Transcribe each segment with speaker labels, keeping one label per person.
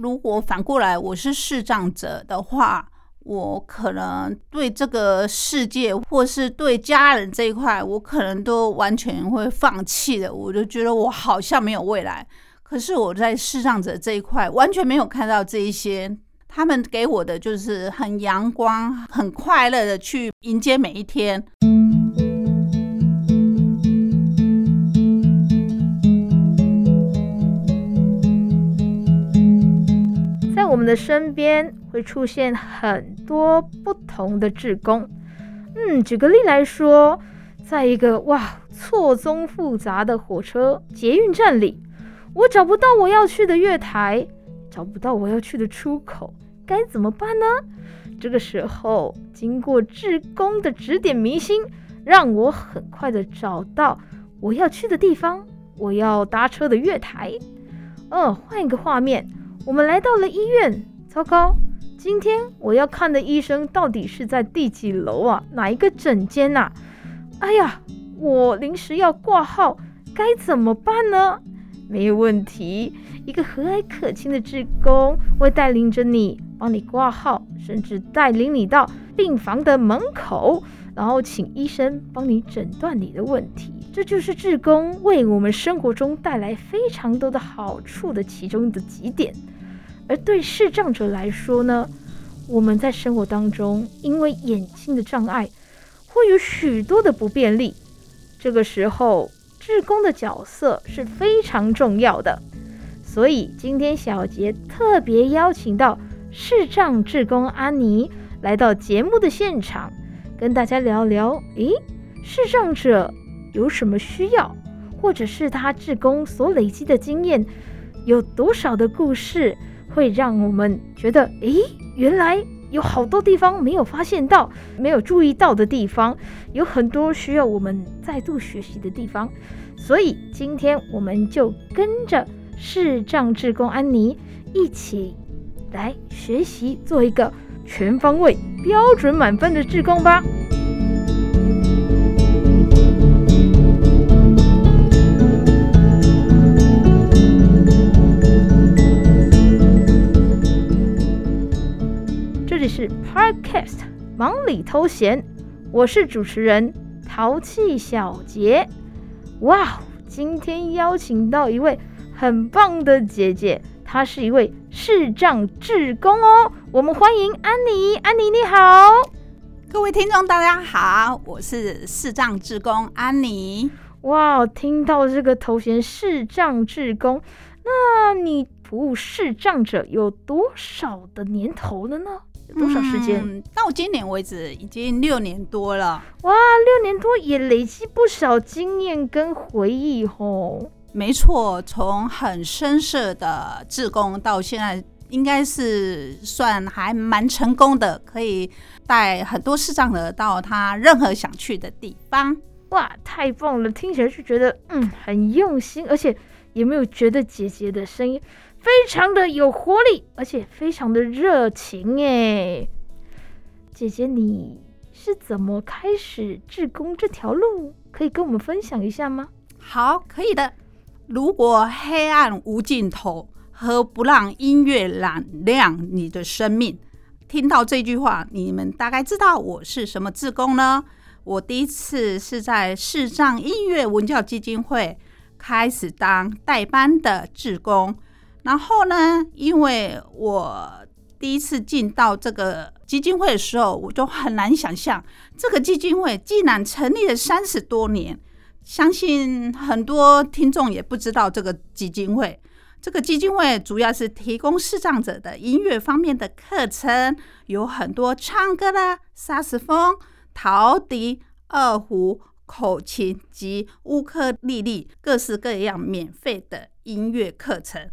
Speaker 1: 如果反過來我是視障者的話，我可能對這個世界或是對家人這一塊，我可能都完全會放棄的。我就覺得我好像沒有未來。可是我在視障者這一塊完全沒有看到這一些。他們給我的就是很陽光、很快樂的去迎接每一天。
Speaker 2: 我們的身邊會出現很多不同的志工，嗯，舉個例來說，在一個哇錯綜複雜的火車捷運站裡，我找不到我要去的月台，找不到我要去的出口，該怎麼辦呢？這個時候，經過志工的指點迷津，讓我很快的找到我要去的地方，我要搭車的月台。嗯、哦，換一個畫面。我們來到了醫院，糟糕！今天我要看的醫生到底是在第幾樓啊？哪一個診間吶、啊？哎呀，我臨時要掛號，該怎麼辦呢？沒有問題，一個和藹可親的志工會帶領着你，幫你掛號，甚至帶領你到病房的門口。然後請醫生幫你診斷你的問題，這就是志工為我們生活中帶來非常多的好處的其中的幾點。而對視障者來說呢，我們在生活當中因為眼睛的障礙會有許多的不便利，這個時候志工的角色是非常重要的。所以今天曉婕特別邀請到視障志工安妮來到節目的現場。跟大家聊聊，誒，視障者有什麼需要，或者是他志工所累積的經驗，有多少的故事會讓我們覺得，誒，原來有好多地方沒有發現到，沒有注意到的地方，有很多需要我們再度學習的地方。所以今天我們就跟着視障志工安妮一起來學習做一個。全方位標準滿分的志工吧。這裡是 Podcast，忙裡偷閒，我是主持人陶器曉婕。哇、Wow，今天邀請到一位很棒的姐姐，她是一位。視障志工哦，我們歡迎安妮。安妮你好。各位聽眾大家好，我是視障志工安妮。哇，聽到這個頭銜視障志工，那你服務視障者有多少的年頭了呢？有多少時間？嗯，
Speaker 1: 到今年為止已經六年多了。哇，六年多也累積不少經驗跟回憶吼、哦。沒錯，從很生澀的志工到現在，應該是算還蠻成功的，可以帶很多視障的到他任何想去的地方。哇，太棒了！聽起來就覺得
Speaker 2: 嗯，很用心，而且有沒有覺得姐姐的聲音非常的有活力，而且非常的熱情耶？姐姐，你
Speaker 1: 是怎麼開始志工這條路？可以跟我們分享一下嗎？好，可以的。如果黑暗無盡頭，何不讓音樂染亮你的生命。聽到這句話，你們大概知道我是什麼志工呢？我第一次是在視障音樂文教基金會開始當代班的志工，然後呢，因為我第一次進到這個基金會的時候，我就很難想象這個基金會竟然成立了三十多年。相信很多聽眾也不知道這個基金會。這個基金會主要是提供視障者的音樂方面的課程，有很多唱歌啦、薩斯風、陶笛、二胡、口琴及烏克麗麗，各式各樣免費的音樂課程。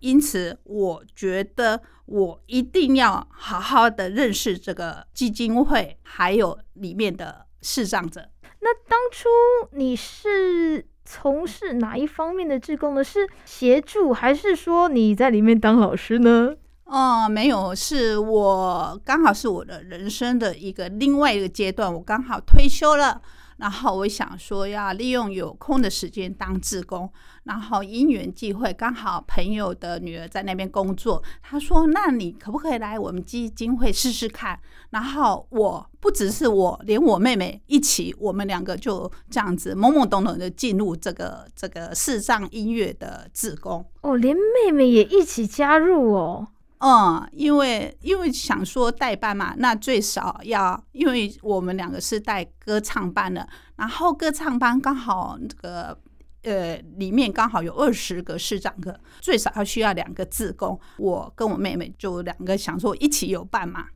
Speaker 1: 因此，我覺得我一定要好好的認識這個基金會，還有裡面的視障者。
Speaker 2: 那當初你是從
Speaker 1: 事哪一方面的志工呢？是協助還是說你在裡面當老師呢？哦、呃，沒有，是我剛好是我的人生的一個另外一個階段，我剛好退休了。然後我想說，要利用有空的時間當志工。然後因緣際會，剛好朋友的女兒在那邊工作，她說：“那你可不可以來我們基金會試試看？”然後我不只是我，連我妹妹一起，我們兩個就這樣子懵懵懂懂的進入這個這個視障音樂的志工。哦，連
Speaker 2: 妹妹也一起加入哦。
Speaker 1: 嗯，因為因為想說代班嘛，那最少要，因為我們兩個是帶歌唱班的，然後歌唱班剛好這個呃，裡面剛好有二十個視障課，最少要需要兩個志工，我跟我妹妹就兩個想說一起有伴嘛，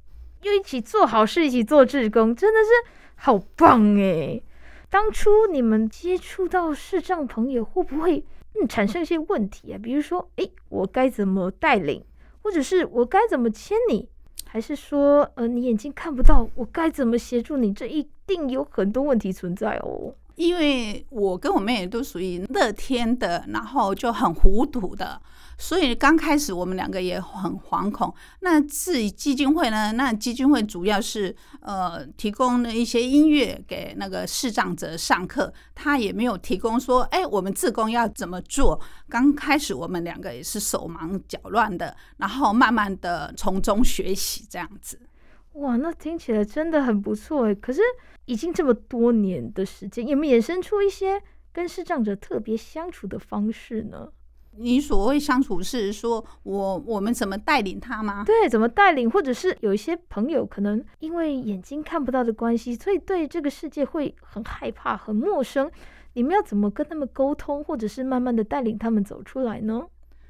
Speaker 1: 又一起做好事，一起做志工，真的是好棒哎！欸！當初你們接觸到視障朋
Speaker 2: 友，會不會、嗯、產生一些問題啊？比如說，哎，我該怎麼帶領？或者是我該怎麼牽你，還是說，呃，你眼睛看不到，我該怎麼協
Speaker 1: 助你？這一定有很多問題存在哦。因為我跟我妹也都屬於樂天的，然後就很糊塗的，所以剛開始我們兩個也很惶恐。那至於基金會呢？那基金會主要是呃提供了一些音樂給那個視障者上課，他也沒有提供說，哎，我們志工要怎麼做。剛開始我們兩個也是手忙腳亂的，然後慢慢的從中學習這樣子。
Speaker 2: 哇，那聽起來真的很不錯耶，
Speaker 1: 可是已經這麼多年的時間，有沒有衍生出一些跟視障者特別相處的方式呢？你所謂相處，是說我我們怎麼帶領他嗎？對，怎麼帶領？或者是有一些朋友，可能因為眼睛看不到的
Speaker 2: 關係，所以對這個世界會很害怕、很陌生。你們要怎麼跟他們溝
Speaker 1: 通，或者是慢慢的帶領他們走出來呢？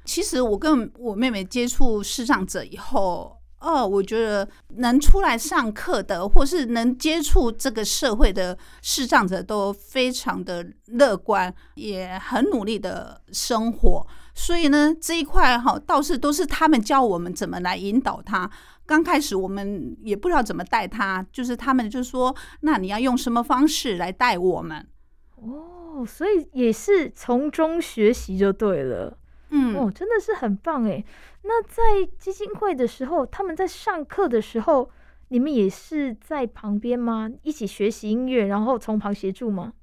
Speaker 1: 其實我跟我妹妹接觸視障者以後。哦，我覺得能出來上課的，或是能接觸這個社會的視障者，都非常的樂觀，也很努力的生活。所以呢，這一塊哈，倒是都是他們教我們怎麼來引導他。剛開始我們也不知道怎麼帶他，就是他們就說：“那你要用什麼方式來帶我們？”哦，所以也是
Speaker 2: 從中學習就對了。嗯，哦，真的是很棒耶。那在基金會的時候，他們在上課的時候，你們也是在旁邊嗎？
Speaker 1: 一起學習音樂，然後從旁協助嗎？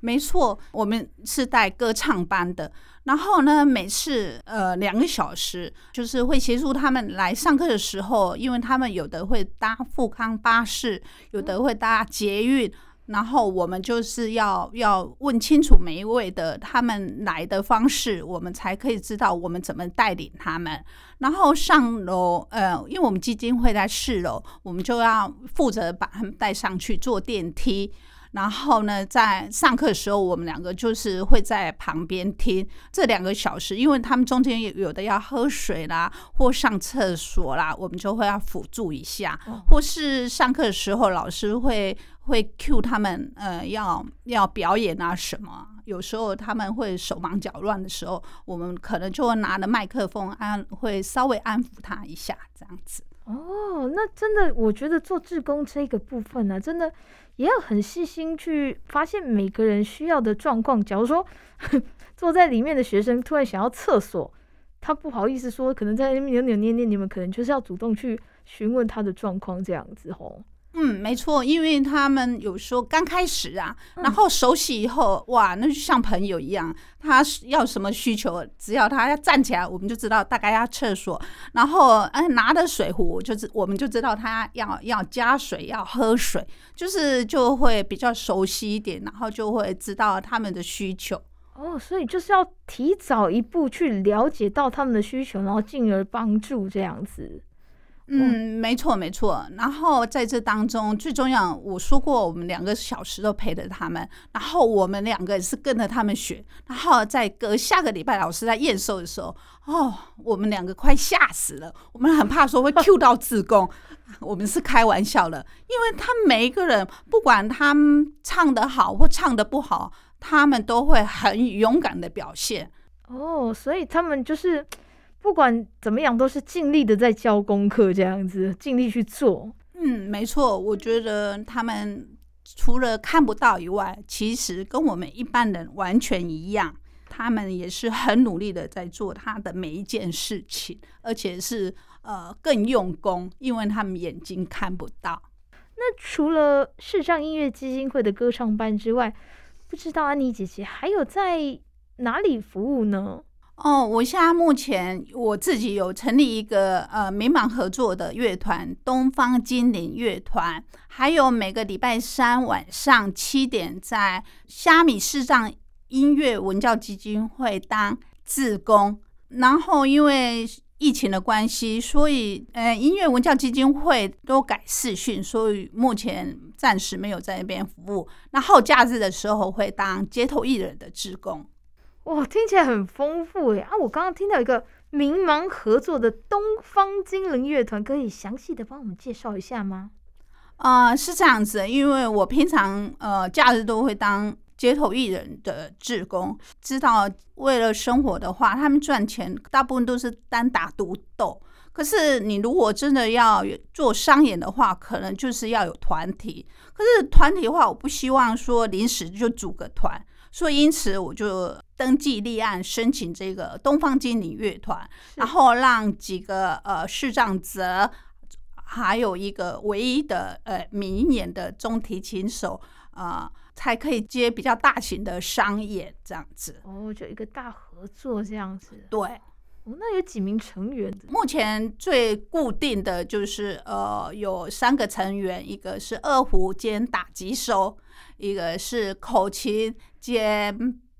Speaker 1: 沒錯，我們是帶歌唱班的。然後呢，每次呃兩個小時，就是會協助他們來上課的時候，因為他們有的會搭復康巴士，有的會搭捷運。嗯然後我們就是要要問清楚每一位的他們來的方式，我們才可以知道我們怎麼帶領他們。然後上樓，呃，因為我們基金會在四樓，我們就要負責把他們帶上去坐電梯。然後呢，在上課的時候，我們兩個就是會在旁邊聽這兩個小時，因為他們中間有有的要喝水啦，或上廁所啦，我們就會要輔助一下，或是上課的時候老師會。會 cue 他們，呃，要要表演啊什麼。有時候他們會手忙腳亂的時候，我們可能就會拿着麥克風安，會稍微安撫他一下，這樣子。
Speaker 2: 哦，那真的，我覺得做志工這個部分呢、啊，真的也要很細心去發現每個人需要的狀況。假如說坐在裡面的學生突然想要廁所，他不好意思說，可能在那邊扭扭捏捏，你們可能就是要主動去詢問他的狀況，這樣子齁。
Speaker 1: 嗯，沒錯，因為他們有時候剛開始啊，嗯、然後熟悉以後，哇，那就像朋友一樣，他要什麼需求，只要他要站起來，我們就知道大概要廁所，然後、哎、拿着水壺，就是我們就知道他要要加水要喝水，就是就會比較熟悉一點，然後就會知道他們的需求。哦，所以就是要提早一步去了解到他們的需求，然後進而幫助這樣子。嗯，嗯，沒錯沒錯。然後在這當中，最重要我說過，我們兩個小時都陪着他們，然後我們兩個是跟着他們學。然後在隔下個禮拜老師在驗收的時候，哦，我們兩個快嚇死了，我們很怕說會 Q 到自宮。 我們是開玩笑的，因為他每一個人不管他們唱得好或唱得不好，他們都會很勇敢的表現。
Speaker 2: 哦，oh, 所以他們就是。不管怎麼樣，都是盡力的在教功課，這樣子盡力去做。
Speaker 1: 嗯，沒錯，我覺得他們除了看不到以外，其實跟我們一般人完全一樣，他們也是很努力的在做他的每一件事情，而且是呃更用功，因為他們眼睛看不到。那除了
Speaker 2: 視障音樂基金會的歌唱班之外，不知道安妮姐姐還有在
Speaker 1: 哪裡服務呢？哦，我現在目前我自己有成立一個呃明盲合作的樂團——東方精靈樂團，還有每個禮拜三晚上七點在蝦米視障音樂文教基金會當志工。然後因為疫情的關係，所以呃音樂文教基金會都改視訊，所以目前暫時沒有在那邊服務。那後假日的時候會當街頭藝人的志工。哇，oh, 聽起來很豐富耶。啊，我剛剛聽到一個明盲合作的東方
Speaker 2: 精靈樂團，可以詳細的幫我們介紹一下嗎？
Speaker 1: 啊、呃，是這樣子，因為我平常呃假日都會當街頭藝人的志工，知道為了生活的話，他們賺錢大部分都是單打獨鬥。可是你如果真的要做商演的話，可能就是要有團體。可是團體的話，我不希望說臨時就組個團。所以，因此我就登記立案申請這個東方精靈樂團，是然後讓幾個呃視障者，還有一個唯一的呃明眼的中提琴手啊、呃，才可以接比較大型的商演這樣子。哦，就一個大合作這樣子。對。我們、哦、那有幾名成員？目前最固定的就是呃，有三個成員，一個是二胡兼打擊手，一個是口琴兼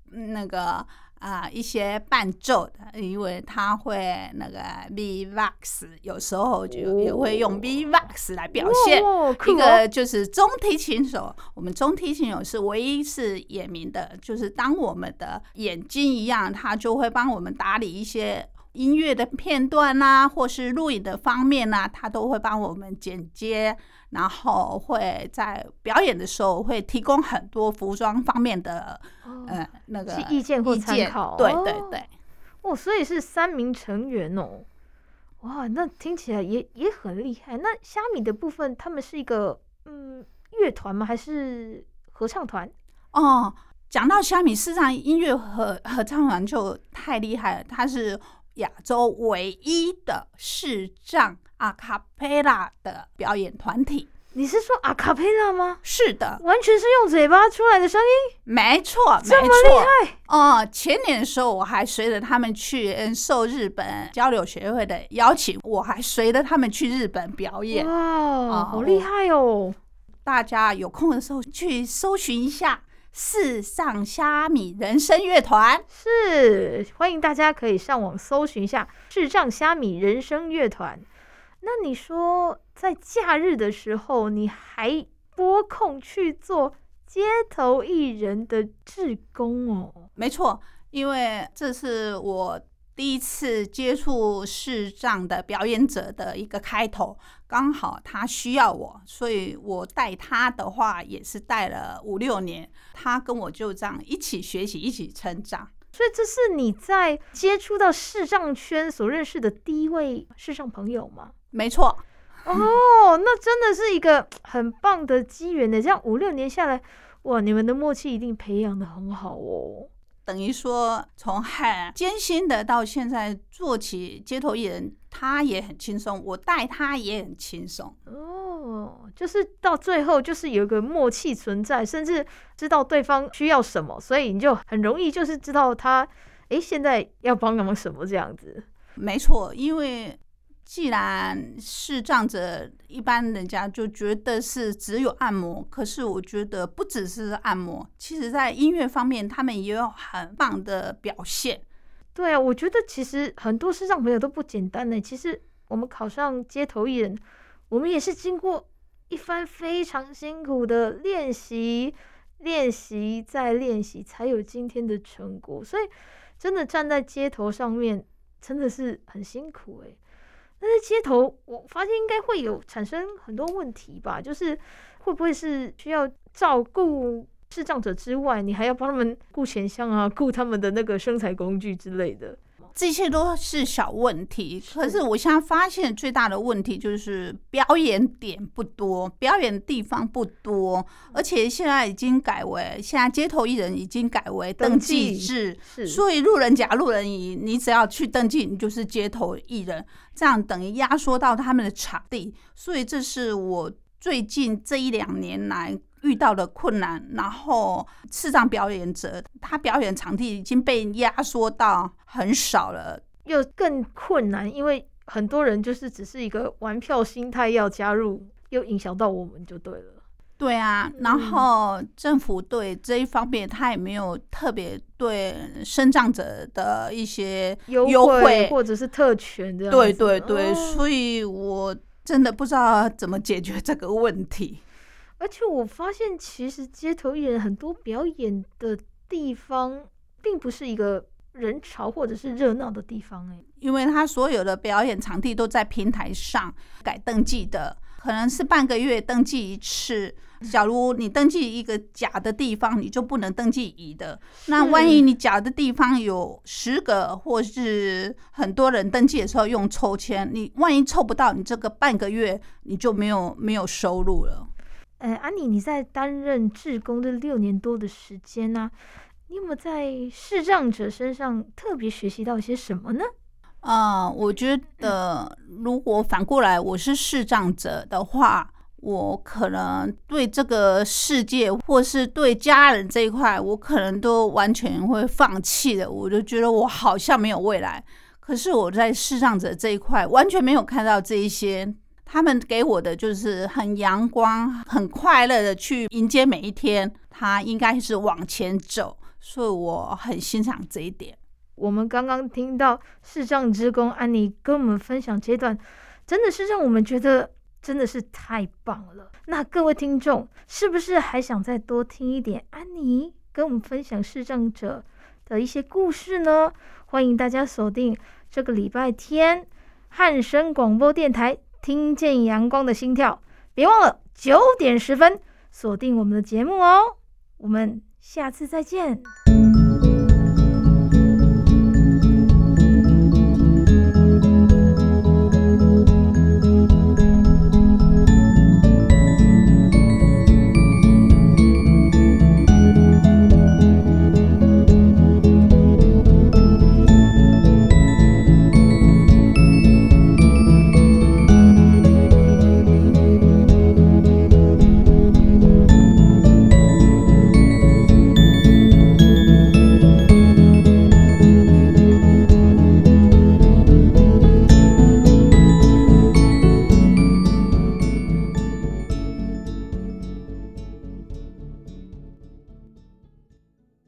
Speaker 1: 那個啊、呃、一些伴奏的，因為他會那個 B-box 有時候就也會用 B-box 來表現。Oh, oh, cool. 一個就是中提琴手，我們中提琴手是唯一是眼明的，就是當我們的眼睛一樣，他就會幫我們打理一些。音樂的片段吶、啊，或是錄影的方面吶、啊，他都會幫我們剪接，然後會在表演的時候會提供很多服裝方面的，哦、呃，那個意見會參考。對對對，對，哦，所以是三名成員
Speaker 2: 哦，哇，那聽起來也也很厲害。那蝦米的部分，他們是一個嗯樂團
Speaker 1: 嗎？還是合唱團？哦，講到蝦米，事實上音樂合合唱團就太厲害了，他是。亞洲唯一的視障阿卡貝拉的表演團體，你是說阿卡貝拉嗎？是的，完全是用嘴巴出來的聲音，沒錯，沒錯。這麼厲害哦、嗯！前年的時候，我還隨着他們去受日本交流協會的邀請，我還隨着他們去日本表演，哇 Wow,、嗯，好厲害哦！大家有空的時候去搜尋一下。智上蝦米人生樂團
Speaker 2: 是，歡迎大家可以上網搜尋一下“智障蝦米人生樂團”。那你說，在假日的時候，你還撥空
Speaker 1: 去做街頭藝人的志工哦？沒錯，因為這是我。第一次接觸視障的表演者的一個開頭，剛好他需要我，所以我帶他的話也是帶了五六年。他跟我就這樣一起學習，一起成長。
Speaker 2: 所以這是你在接觸到視障圈所認識的第一位視障朋友嗎？沒錯。哦，oh, 那真的是一個很棒的機緣呢。這樣
Speaker 1: 五六年下來，哇，你們的默契一定培養得很好哦。等於說，從很艱辛的到現在做起，街頭藝人他也很輕鬆，我帶他也很輕鬆。哦，就是到最後，就是有一個
Speaker 2: 默契存在，甚至知道對方需要什麼，所以你就很容易就是知道他，
Speaker 1: 哎、欸，現在要幫忙什麼這樣子。沒錯，因為。既然是視障者，一般人家就覺得是只有按摩，可是我覺得不只是按摩，其實在音樂方面他們也有很棒的表現。對啊，我覺得其實很多視障朋友都不簡單的、欸。其實我們
Speaker 2: 考上街頭藝人，我們也是經過一番非常辛苦的練習、練習再練習，才有今天的成果。所以真的站在街頭上面，真的是很辛苦哎、欸。但是街頭，我發現應該會有產生很多問題吧？就是會不會是需要照顧視障者，之外，你還要幫他們顧錢箱啊，顧他們的那個
Speaker 1: 生財工具之類的。這些都是小問題，可是我現在發現最大的問題就是表演點不多，表演的地方不多，而且現在已經改為，現在街頭藝人已經改為登記制，登記，是，所以路人甲、路人乙，你只要去登記，你就是街頭藝人，這樣等於壓縮到他們的場地，所以這是我最近這一兩年來，遇到了困難，然後視障表演者，他表演場地已經被壓縮到很少了，
Speaker 2: 又更困難，因為很多人就是只是一個玩票心態要加入，又影響到我們就對了。
Speaker 1: 對啊，然後政府對這一方面他也沒有特別對身障者的一些優惠，惠或者是特權的。對對對，哦，所以我真的不知道怎麼解決這個問題。而且我發
Speaker 2: 現，其實街頭藝人很多表演的地方，並不是一個人潮或者是熱鬧的地方哎、
Speaker 1: 欸，因為他所有的表演場地都在平台上改登記的，可能是半個月登記一次。假如你登記一個甲的地方，你就不能登記乙的。是那萬一你甲的地方有十個或是很多人登記的時候用抽籤，你萬一抽不到，你這個半個月你就沒有沒有收入了。嗯、哎，安妮，你在
Speaker 2: 擔任志工的六年多的時間呢、啊，你有沒有在視障者
Speaker 1: 身上特別學習到些什麼呢？啊、嗯，我覺得如果反過來我是視障者的話，我可能對這個世界或是對家人這一塊，我可能都完全會放棄的。我就覺得我好像沒有未來，可是我在視障者這一塊完全沒有看到這一些。他們給我的就是很陽光、很快樂的去迎接每一天。他應該是往前走，所以我很欣賞這一點。我們剛剛聽到視障志工安妮跟我們分享階段，
Speaker 2: 真的是讓我們覺得真的是太棒了。那各位聽眾是不是還想再多聽一點安妮跟我們分享視障者的一些故事呢？歡迎大家鎖定這個禮拜天漢聲廣播電台。聽見陽光的心跳，別忘了九點十分鎖定我們的節目哦。我們下次再見。